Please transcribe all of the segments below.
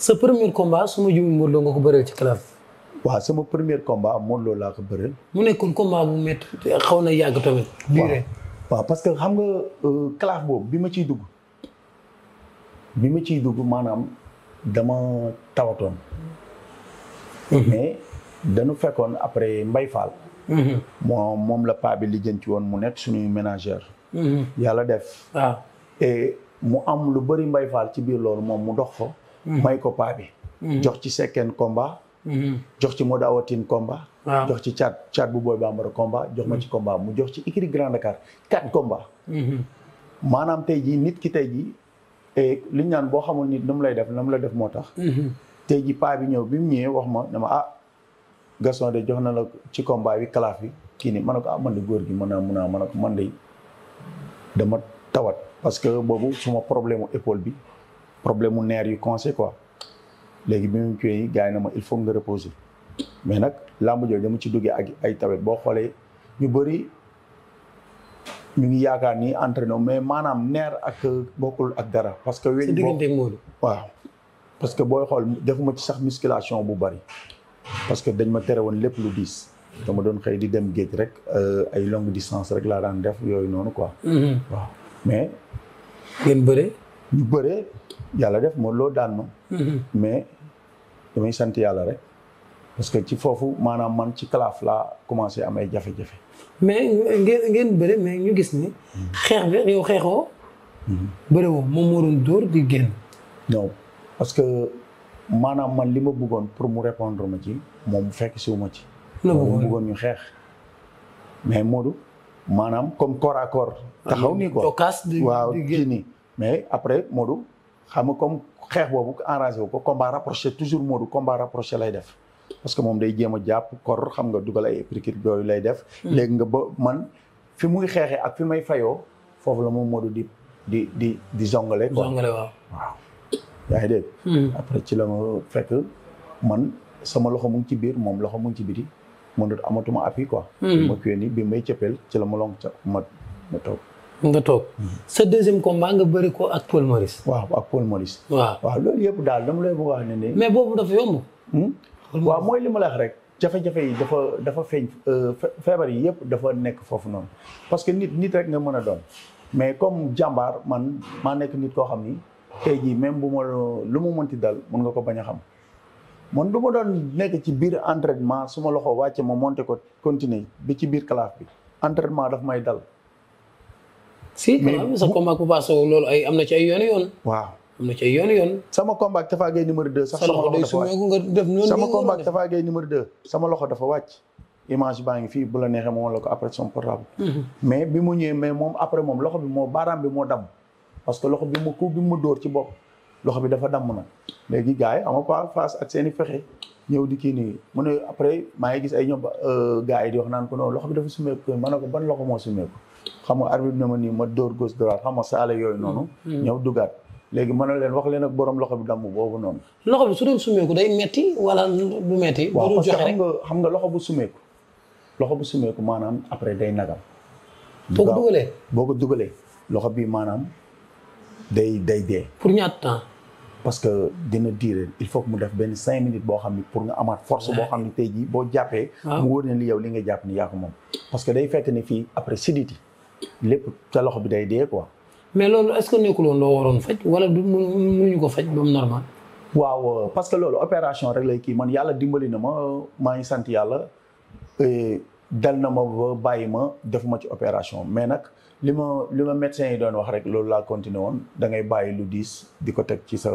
sa premier combat suma ma juumee Modou nga ko bëreel ci club. waaw sama premier combat Modou Lo laa ko bëreel. mu nekkoon combat bu métti xaw na yàgg tamit. waaw parce que xam nga euh, classe boobu bi ma ciy dugg bi ma ciy dugg maanaam dama tawatoon. Mhm. mais danu fekkoon après Mbaye Fall. Mhm. moom moom la paa bi lijjanti woon mu nekk suñuy ménagère. Mhm. yàlla def. mu am lu bari Mbaye Fall ci biir loolu moom mu dox fa. Mm-hmm. may ko paa bi mm-hmm. jox ci sekkeen combat mm-hmm. jox ci Modou Awatine combat jox ci caat caat bu booy bambara combat jox ma ci combat mu jox ci Ikiri Grand Dakar quatre combat maanaam tey jii nit ki tey jii li ñu naan boo xamul nit nu mu lay def na mu la def moo tax tey jii paa bi ñëw bi mu ñëwee wax ma ne ma ah Gaston de jox na la ci combat bi kalaaf bi kii nii ma ne ko ah man de góor gi mën naa mën naa man ne ko man de dama tawat parce que boobu suma problème épaule bi problème mu nerf yu conseil quoi léegi bi mu ciy gars yi na ma il faut nga reposer mais nag làmb jooju dama ci duggee ak ay tawet boo xoolee ñu bëri ñu ngi yaakaar ni entre entraîné mais maanaam nair ak bokkul ak dara. parce que weñ boo waaw parce que booy xool defuma ci sax musculation bu bari parce que dañ ma tere woon lépp lu diis. dama doon xëy di dem géej rek euh, ay longue distance rek laa daan def yooyu noonu quoi. Mm-hmm. waaw mais. ngeen bëre. ñu bëree yàlla def Modou loo daan ma mm-hmm. mais damay sant yàlla rek parce que ci foofu maanaam man ci kalaaf laa commencé am ay jafe-jafe mais ngeen ngeen bëri mais ñu gis ni mm-hmm. xeex bi yow xeexoo mm-hmm. bëri woo moom moo doon dóor di génn non parce que maanaam man li ma buggoon pour mu répondre ma ci moom fekk si ma ci moom bëggoon ñu xeex mais Modou maanaam comme corps à corps ah, taxaw nii quoi waaw kii nii mais après Modou xam nga comme xeex boobu arrangé wu ko combat rapproché toujours Modou combat rapproché lay def parce que moom day jéem a jàpp kor xam nga dugal ay épricure yooyu lay def hmm. léegi nga ba man fi muy xeexee ak fi may fayoo foofu la moom Modou di di di di zongale quoi zongale waaw waaw yaa ngi dégg hmm. après ci la ma fekk man sama loxo mu ngi ci biir moom loxo mu ngi ci biti mënut amatuma appui quoi hmm. ma kiyee ni bi may cëppeel ci la ma long ma ma toog nga toog sa deuxième combat nga bëri ko ak Paul Maurice. waaw ak Paul Maurice. waaw loolu yëpp daal dama lay bëgg a wax ne nii. mais boobu dafa yomb. Hmm? waaw mooy li ma la rek. jafe-jafe yi dafa dafa feeñ euh, feebar yi yëpp dafa nekk foofu noonu parce que nit nit rek nga mën a doon mais comme jàmbaar man maa nekk nit koo xam ni tey jii même bu ma lu ma mënti dal mën nga ko bañ a xam man du ma doon nekk ci biir entraînement su ma loxo wàcce ma monté ko continuer bi ci biir classe bi entraînement daf may dal. si mais sa combat bu paase loolu ay am na ci ay yoon yoon. waaw am na ci ay yoon sama combat Tapha Gueye numéro 2. sax sama loxo dafa wàcc sama baa ngi fii bu la neexee moom la ko après son mhm. moom après moom loxo bi moo baaraam bi moo damm. parce que loxo bi mu ku bi mu dóor ci bopp. loxo bi dafa damm na. léegi gars yi ama pas face ak seen fexe. ñëw di kii nii mu ne après maa ngi gis ay ñoom euh, gars di wax naan ko non loxo bi dafa sumeeku ma ne ko ban loxo moo sumeeku xam nga na ma nii ma dóor gauche droite xam nga saala yooyu noonu mm-hmm. ñëw dugaat léegi mën na leen wax leen ak borom loxo bi damb boobu noonu loxo bi su doon sumeeku day metti wala du metti waaw parce que xam nga xam nga loxo bu sumeeku loxo bu sumeeku maanaam après day nagal boo ko dugalee boo ko dugalee loxo bi maanaam day day dee pour ñaata temps parce que dina diire il faut que mu def benn cinq minutes boo xam ni pour nga amaat force boo xam ni tey jii boo jàppee mu wóor ne li yow li nga jàpp ni yaa ko moom parce que day fekk ni fii après siditi lépp sa loxo bi day dee quoi. mais loolu est-ce que nekkul woon loo waroon faj wala du ñu ko faj ba mu normal. waaw euh, parce que loolu opération rek lay kii man yàlla dimbali na ma maa ngi sant yàlla dal na ma bàyyi ma defuma ci opération mais nag li ma li ma médecin yi doon wax rek loolu laa continué woon da ngay bàyyi lu diis di ko teg ci sa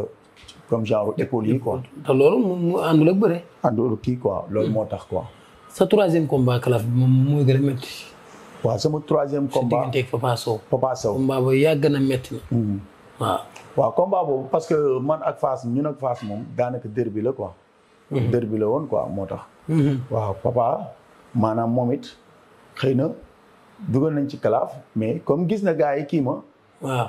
comme genre épaule yi quoi. te loolu mu àndul ak bëre. àndul kii quoi loolu moo tax quoi. sa troisième combat calaf waaw sama troisième combat si diggante Papa Sow Papa Sow combat boobu yàgg na métti na hmm. waaw waaw boobu parce que man ak Fass ñun ak Fass moom daanaka derby la quoi hmm. derby la woon quoi moo tax hmm. waaw papa maanaam moom it xëy na dugal nañ ci kalaaf mais comme gis na gaa yi kii ma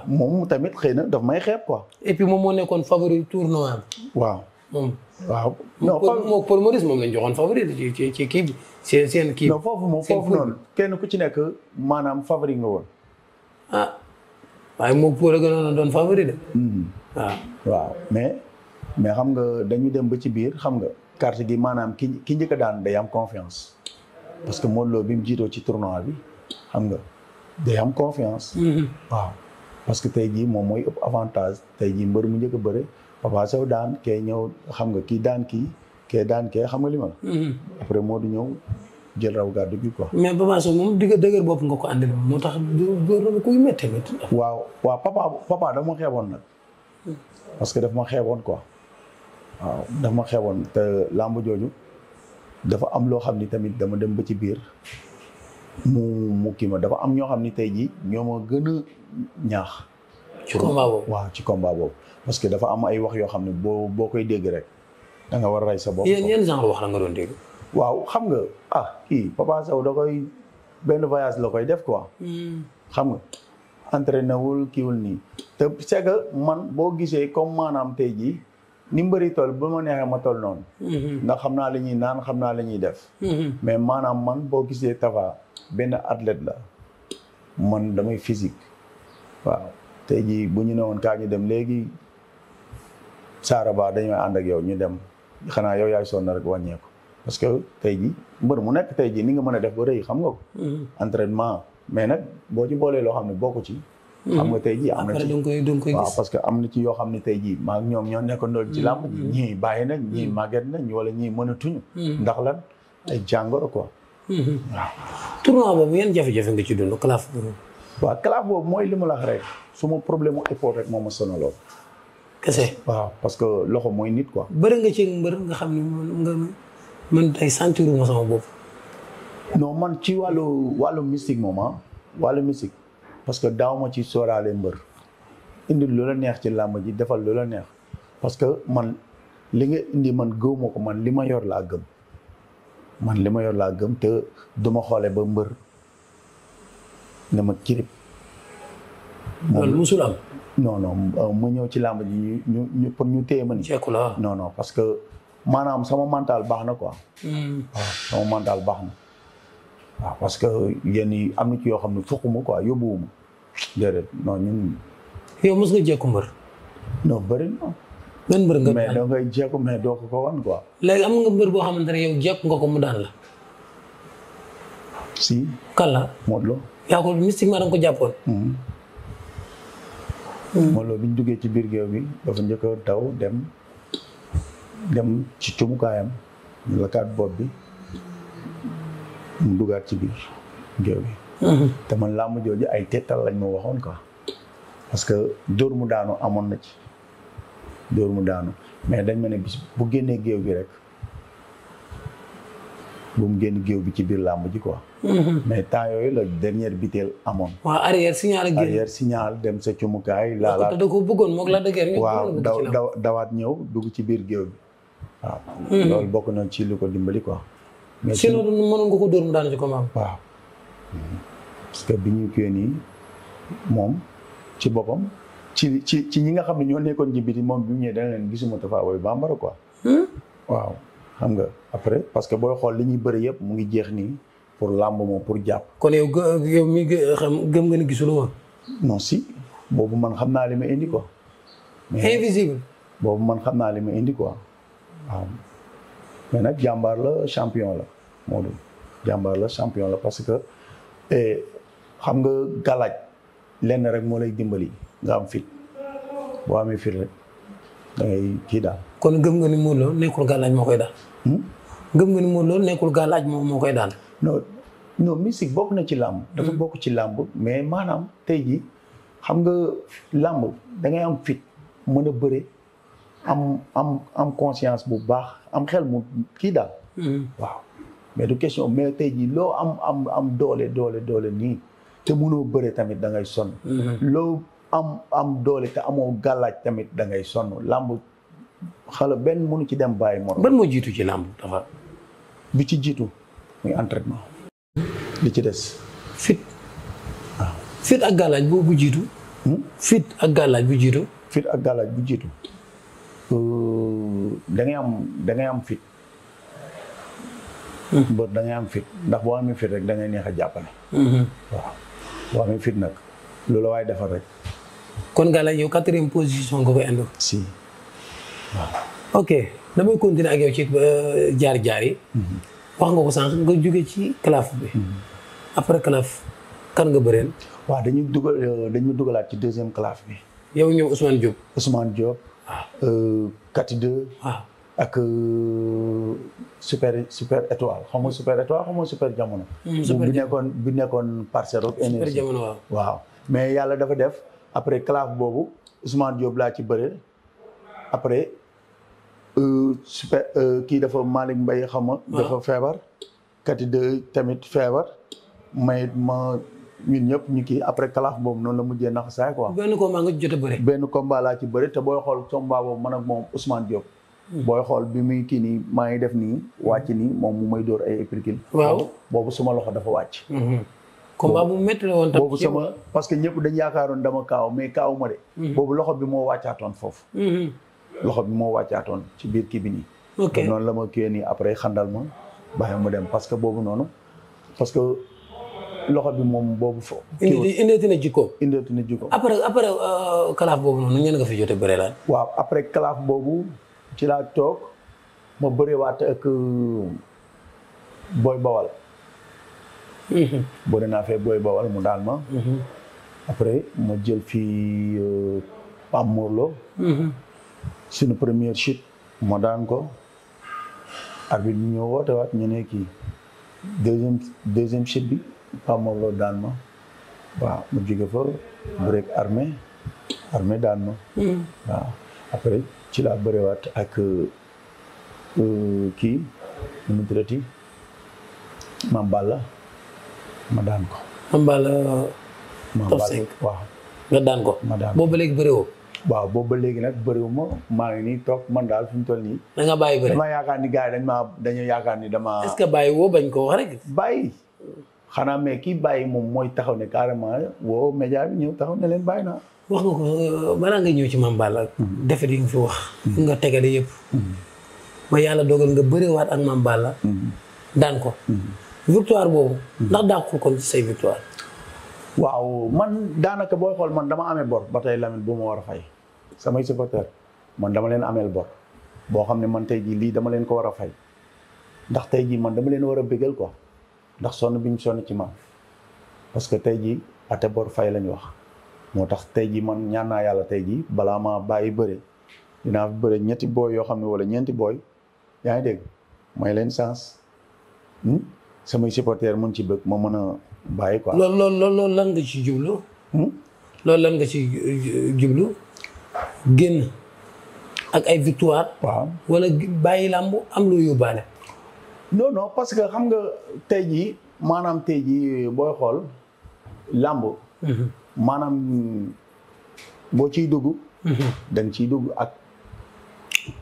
moom tamit xëy na daf may xeeb quoi et puis moom moo nekkoon favori tournoi waaw moom waaw non moom Paul moom lañ joxoon favori ci ci kii bi seen seen kii. foofu moom foofu noonu kenn ku ci nekk maanaam favori nga woon. ah waaye moom doon favori de. Mhm. Ah. waaw mais mais xam nga dañu dem ba ci biir xam nga. carte gi maanaam ki ki njëkk a daan day am confiance parce que Modou bi mu jiitoo ci tournoi bi xam nga day am confiance. Mhm. waaw parce que tey jii moom mooy ëpp avantage tey jii mbër mu njëkk a bëre. Papa Sow daan kee ñëw xam nga kii daan kii kee daan kee xam nga li mm-hmm. après moo du ñëw jël raw gàddu bi quoi. mais Papa Sow moom digg bopp nga ko andil moo tax du du kuy métti métti. waaw waaw papa papa nag. Mm. parce que daf ma xeeboon quoi. waaw daf ma xeeboon te jooju dafa am loo xam ni tamit dama dem ba ci biir mu mu kii ma dafa am ñoo xam ni tey jii ñoo ma gën a ñaax. ci combat boobu. parce que dafa am ay wax yoo xam ne boo boo koy dégg rek danga nga war a rey sa bopp. yéen yéen wax la nga doon dégg. waaw xam nga ah kii Papa Sow da koy benn voyage la koy def quoi. Hmm. xam nga entraîné wul kiiwul nii. te c'est man boo gisee comme maanaam tey jii ni mbëri toll ba ma neexee ma toll noon hmm. ndax xam naa la ñuy naan xam naa la ñuy def. Hmm. mais maanaam man boo gisee Tapha benn athlète la man damay physique waaw tey jii bu ñu woon kaa ñu dem léegi. saaraba dañoo ànd ak yow ñu dem xanaa yow yaay sonn rek wàññeeku parce que tey ji mbër mu nekk tey ji ni nga mën a def ba rëy xam nga ko mm-hmm. entraînement mais nag boo ci boolee loo xam ne bokku ci mm-hmm. xam tey ji am na ci waaw parce que am na ci yoo xam ne tey ji maa ñoom ñoo nekkandoo ci làmb ji mm-hmm. ñii bàyyi nañ ñii màgget nañ wala ñii mënatuñu ndax lan ay jàngoro ko waaw tournoi boobu yan jafe-jafe nga ci dund claf waaw claf boobu mooy li mu la wax rek suma problème mu épaule rek moo ma sonaloo kese waaw parce que loxo mooy nit quoi. bëri nga ci mbër nga xam ne nga man tey sentir ma sama bopp. non man ci wàllu wàllu mystique moom ah wàllu mystique parce que daaw ma ci sóoraale mbër indi loola neex ci làmb ji defal loola neex parce que man li nga indi man gëw ma man li ma yor laa gëm man li ma yor laa gëm te du xoole ba mbër ne ma moom musul am. non non euh, ñëw ci làmb ji ñu ñu pour ñu téye ma ni non non parce que maanaam sama mental baax na ko hmm. waaw sama mental baax na. waaw parce que yéen am na ci yoo xam ne fukkuma quoi yóbbuwuma déedéet non ñun. yow mos nga jékku mbër. non bëri na. benn mbër nga mais doo ko ko wan quoi. léegi am nga mbër boo xamante ne yow jékku nga ko mu daan la. si. kala la Modou yaa ko mystiquement da nga ko jàppoon. Hmm. Mm. Modou Lo bi ñu duggee ci biir géew bi dafa njëkk taw dem dem ci cumukaayam ñu lakkaat bopp bi mu duggaat ci biir géew bi mm-hmm. te man làmb jooju ay tetal lañ ma waxoon ko parce que dóor mu daanu amoon na ci dóor mu daanu mais dañ ma ne bu génnee géew bi rek bu mu génn géew bi ci biir làmb ji quoi Mm-hmm. mais temps yooyu la dernière biteel amoon. waaw arrière signal ak arrière signal dem sa cumukaay. laalaat waaw bëggoon moog la dëgër. waaw daw dawaat ñëw dugg ci biir géew bi. waaw. Mm-hmm. loolu bokk na ci lu ko dimbali quoi. mais sinon nga ko dóor mu daanu ci combat waaw. que bi ñu kiiwee nii moom ci boppam ci ci ci ñi nga xam ne ñoo nekkoon ci biti moom bi ñëwee dana leen gisuma Tapha Boy Bambara quoi. Hmm? waaw xam nga après parce que booy xool li ñuy bëri yëpp mu ngi jeex nii. pour làmb moom pour jàpp. kon yow yow mi gëm nga ni gisul woon. si boobu man xam naa li ma indi ko invisible. boobu xam naa li ma indi quoi waaw. mais nag jàmbaar la champion la Modou jàmbaar la champion la parce que eh, xam nga galaaj lenn rek moo lay dimbali nga am fit boo amee fit rek da kii daal. kon gëm nga ni Modou Lo nekkul galaaj moo koy daal. Hmm? gëm nga ni Modou Lo nekkul galaaj moom moo koy daal. non non bokk na ci làmb dafa mm. bokk ci làmb mais maanaam tey jii xam nga làmb da ngay am fit mën a bëre am am am conscience bu baax am xel mu kii daal mm. waaw mais du question mais tey jii loo am am am doole doole doole nii te mënoo bëre tamit da ngay sonn mm-hmm. loo am am doole te amoo gàllaaj tamit dangay sonn làmb xala benn mënu ci dem bàyyi morom ban moo jiitu ci làmb dafa bi ci jiitu muy entraînement. li ci des. fit waaw. Ah. fit ak gàllaaj boobu jiitu. Hmm? fit ak gàllaaj bu jiitu. fit ak gàllaaj bu jiitu. Euh, da am dangay am fit. mbër hmm. da am fit ndax boo amee fit rek da ngay neex a jàppale. Hmm. waaw boo amee fit nag loolu waaye defar rek. kon gàllaaj yow quatrième position nga ko indoo. si waaw. ok damay continuer ak yow ci euh, jaar-jaar yi. wax nga ko sànq nga jógee ci calaf bi. Hmm. après calaf kan nga bëreel. waaw dañu dugal euh, dañu dugalaat ci deuxième calaf bi. yow ñëw Ousmane Diop. Ousmane Diop. waaw Kati 2. waaw ak euh, super super étoile xam nga super étoile xam super jamono. Hmm, super bi nekkoon bi nekkoon parcelle ak. waaw. mais yàlla dafa def après calaf boobu Ousmane Diop laa ci bëre après. Euh, super euh, kii dafa Malick Mbaye xam nga. dafa feebar. kati de tamit feebar. may ma ñun ñëpp ñu kii après kalaax boobu noonu la mujjee nax saay quoi. benn combat nga jot a benn combat laa ci bëre te booy xool combat boobu man ak moom Ousmane Diop. Hmm. booy xool bi muy kii nii maa ngi def nii wàcc nii moom mu may dóor ay épercule. waaw boobu suma loxo dafa wàcc. Hmm. combat bu métti la woon tam boobu sama parce que ñëpp dañ yaakaaroon dama kaaw mais kaaw ma de. Hmm. boobu loxo bi moo wàccaatoon foofu. loxo bi moo wàccaatoon ci biir kii bi nii. noonu la ma kiiyee nii après xandal ma bàyyi mu dem parce que boobu noonu parce que loxo bi moom boobu. fo indi indi na jikko. indi na jikko après après euh, kalaaf boobu noonu ñenn nga waaw après kalaaf boobu ci laa toog ma bëriwaat ak euh, Boy Bawal. Mm-hmm. bëri naa fee Boy Bawal mu daal ma. Mm-hmm. après ma jël fii euh, Pape Morlo. Mm-hmm. suñu première chute moo daan ko arbitre bi ñëw waat ñu ne kii deuxième deuxième chute bi Pape Mor daan ma waaw mu jóge fa break armé daan ma hmm. après ci laa bëriwaat ak euh, kii nu mu tuddati Mame Balla ma daan ko Mame Balla top daan ko ma daan ko boobu léegi waaw boobu ba léegi nag bëriwuma maa ngi nii toog man daal fi mu toll nii. da nga bàyyi bëri dama yaakaar ni gars dañoo yaakaar dama. bàyyi woo bañ ko wax rek. bàyyi xanaa mais kii bàyyi moom mooy taxaw ne carrément woo média bi ñëw taxaw ne leen bàyyi naa. wax nga ko euh, balaa ñëw ci Mame Balla. Hmm. defe yi nga fi wax. Hmm. nga tegale yëpp. Hmm. ba yàlla dogal nga bëriwaat ak Mame Balla. daan ko. victoire boobu. ndax dàqul kon ci say victoire. waaw man daanaka boo xool man dama amee bor ba tey Lamine bu ma war a fay. samay supporteurs man dama leen ameel bor boo xam ne man tey jii lii dama leen ko war a fay ndax tey jii man dama leen war a bégal quoi ndax sonn bi ñu sonn ci man parce que tey jii ate bor fay lañ wax moo tax tey jii man ñaan naa yàlla tey jii balaa ma bàyyi bëre dinaa bëre ñetti booy yoo xam ne wala ñeenti booy yaa dégg may leen sens hmm? samay supporteurs mun ci bëgg ma mën a bàyyi quoi. loolu loolu loolu lan nga ci jublu. loolu lan nga ci jublu. Hmm? génn ak ay victoire. waaw wala bàyyi làmb am loo yóbbaale. non non parce que xam nga tey jii maanaam tey jii booy xool làmb. Mhm. maanaam boo ciy dugg. Mhm. da ciy dugg ak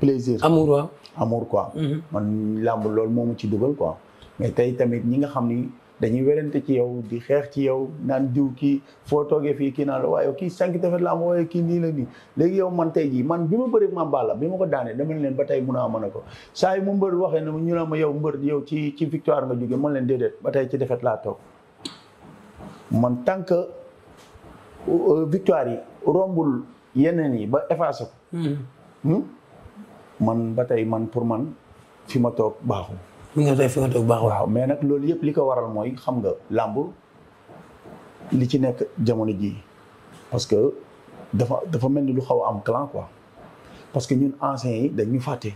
plaisir. amour waaw amour mhm. man làmb loolu moom ci dugal quoi mais tey tamit ñi nga xam ni. dañuy werante ci yow di xeex ci yow naan diw ki foo toogee fii ki naan la waaye kii cinq defet la moo waaye kii nii la nii léegi yow man tey jii man bi ma bëri ma la bi ma ko daanee dama leen ba tey mun a mën a ko saa yi mu mbër waxee ne ñu ne ma yow mbër yow ci ci victoire nga jóge man leen déedéet ba tey ci defet laa toog man tant que euh, victoire yi rombul yeneen yi ba effacé ko hmm. Hmm? man ba tey man pour man fi ma toog baaxul mi ngi tey fi nga toog baax waaw mais nag loolu yëpp ko waral mooy xam nga làmb ci nekk jamono jii parce que dafa dafa mel ni lu xaw a am clan parce que ñun anciens yi dañu fàtte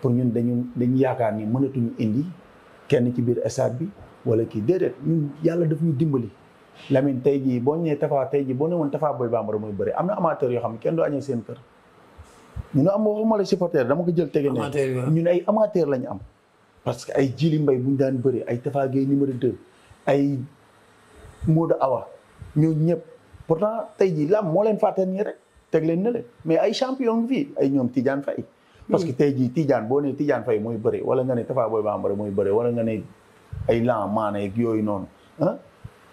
pour ñun dañu dañu yaakaar ni mënatuñu indi kenn ci biir stade bi wala kii déedéet ñun yàlla daf ñu dimbali Lamine tey jii boo ñëwee Tafa tey jii boo ne woon Tafa Boy mooy bëri am na amateur yoo xam ne kenn doo añee seen kër ñu ne am waxuma la supporter dama ko jël tege ne ñun ay amateur lañu am parce que ay Jili Mbay bu ñu daan bëri ay Tafa Gueye numéro 2 ay Modou Awa ñoo ñëpp ta tey jii lam moo leen fàtte nii rek teg leen ne leen mais ay champion fii ay ñoom Tidiane Faye parce que tey jii Tidiane boo ne Tidiane Faye mooy bëri wala nga ne Tafa Boy Bambara mooy bëri wala nga ne ay Lan Mané ak yooyu noonu ah,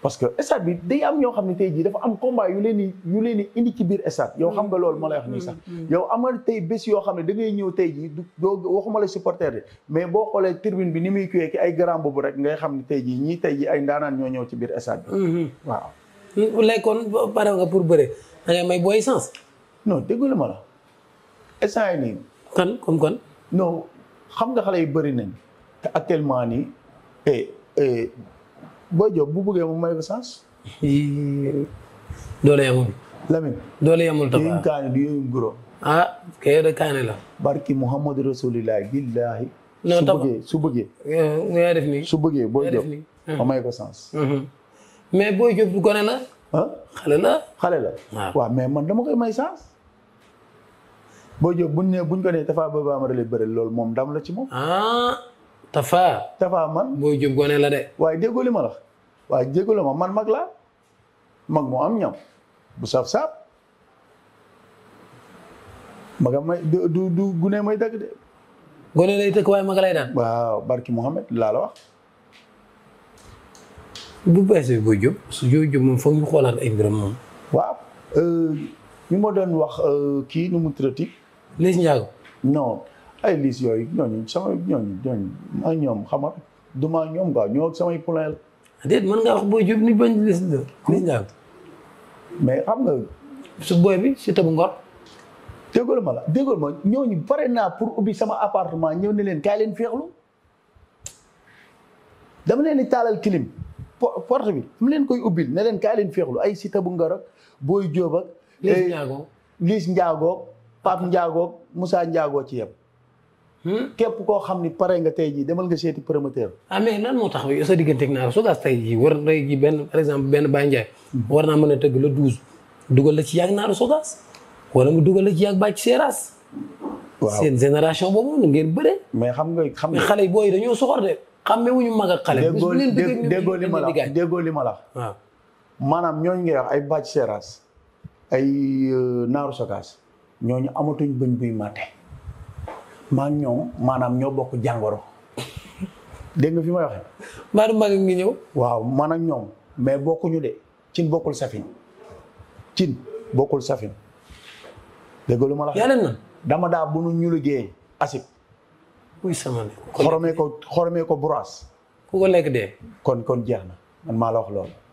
parce que stade bi day am ñoo xam ne tey jii dafa am combat yu leen di yu leen di indi ci biir stade yow xam nga loolu ma lay wax nii sax mm, mm, mm. yow amal tey bés yoo xam ne da ngay ñëw tey jii doo waxuma la supporter de mais boo xoolee tribune bi ni muy kuyee ki ay grand boobu rek ngay xam ne tey jii ñii tey jii ay ndaanaan ñoo ñëw ci biir stade bi mm-hmm. waaw mm-hmm. léegi kon pare nga pour bëre da ngay may booy sens non déggu la ma la stade yi nii kan comme kan non xam nga xale yi bëri nañ te actuellement nii eh, eh, boo Diop bu bëggee mu may ko sens. doole yamul. Lamine. doole yamul kaani du yéen goro. ah kay de kaani la. barki Muhammadu Rasulillah billahi. non tabaar su bëggee su bëggee. Eh, nga def su bëggee Boy Diop. ma may ko sens. Mm-hmm. mais Boy Diop du gone la. ah xale la. xale la waaw mais man dama koy may sens. boo Diop bu ne buñ ko nee Tapha Boy Bambara lay bëri loolu moom ndam la ci moom. Ah. Tafa. Tafa man mooy jub gone la de. waaye déggoo li ma la waaye déggoo ma man mag laa mag mu am ñam bu saaf saaf maga may du du du gune may dagg de. gone lay tëkk waaye mag lay waaw barki Mouhamed laa la wax. bu bees bi jub su jub jub moom foog ñu xoolaat ay mbiram moom. waaw euh, ñu ma doon wax euh, kii nu mu traité. Liss Ndiago. ay liis yooyu ñooñu sama ñooñu ñooñu ma ñoom xam nga du ñoom quoi ñoo samay poulain la. déet mën ngaa wax booy jub ni ba liis la liis la mais xam nga. su booy bi si tabu ngor. déggool ma la déggool ma ñooñu pare naa pour ubbi sama appartement ñëw ne leen kaay leen féexlu dama leen di taalal clim porte bi dama leen koy ubbil ne leen kaay leen féexlu ay si tabu ngor ak booy jóob ak. liis njaago liis njaago Pape njaago ci yeb képp koo xam ni pare nga tey jii demal nga seeti promoteur. ah mais lan moo tax sa diggante ak Naar Sogas tey jii war na ji benn par exemple benn Baye war naa mën a tëgg le douze. dugal la ci yàgg Naar Sogas wala mu dugal la ci yàgg Bathie Seras. waaw seen génération boobu noonu ngeen bëre. mais xam nga xam nga xale yi booy dañoo soxor de. xamme wuñu mag ak xale. déggoo déggoo li ma la déggoo li ma la. waaw maanaam ñooñu ngay ay Bathie Seras ay euh, Naar Sogas ñooñu amatuñ bëñ buy màtte. maa ngi ñoom maanaam ñoo bokk jàngoro dégg nga fi may waxee. maanaam maa ngi ñëw. waaw maanaam ak ñoom mais bokkuñu de cin bokkul safin cin bokkul safin dégg lu ma la. yàlla dama daa bu nu ñu liggéeyee asib. muy xoromee ko xoromee ko buraas. ku ko lekk dee. kon kon jeex na man maa la wax loolu.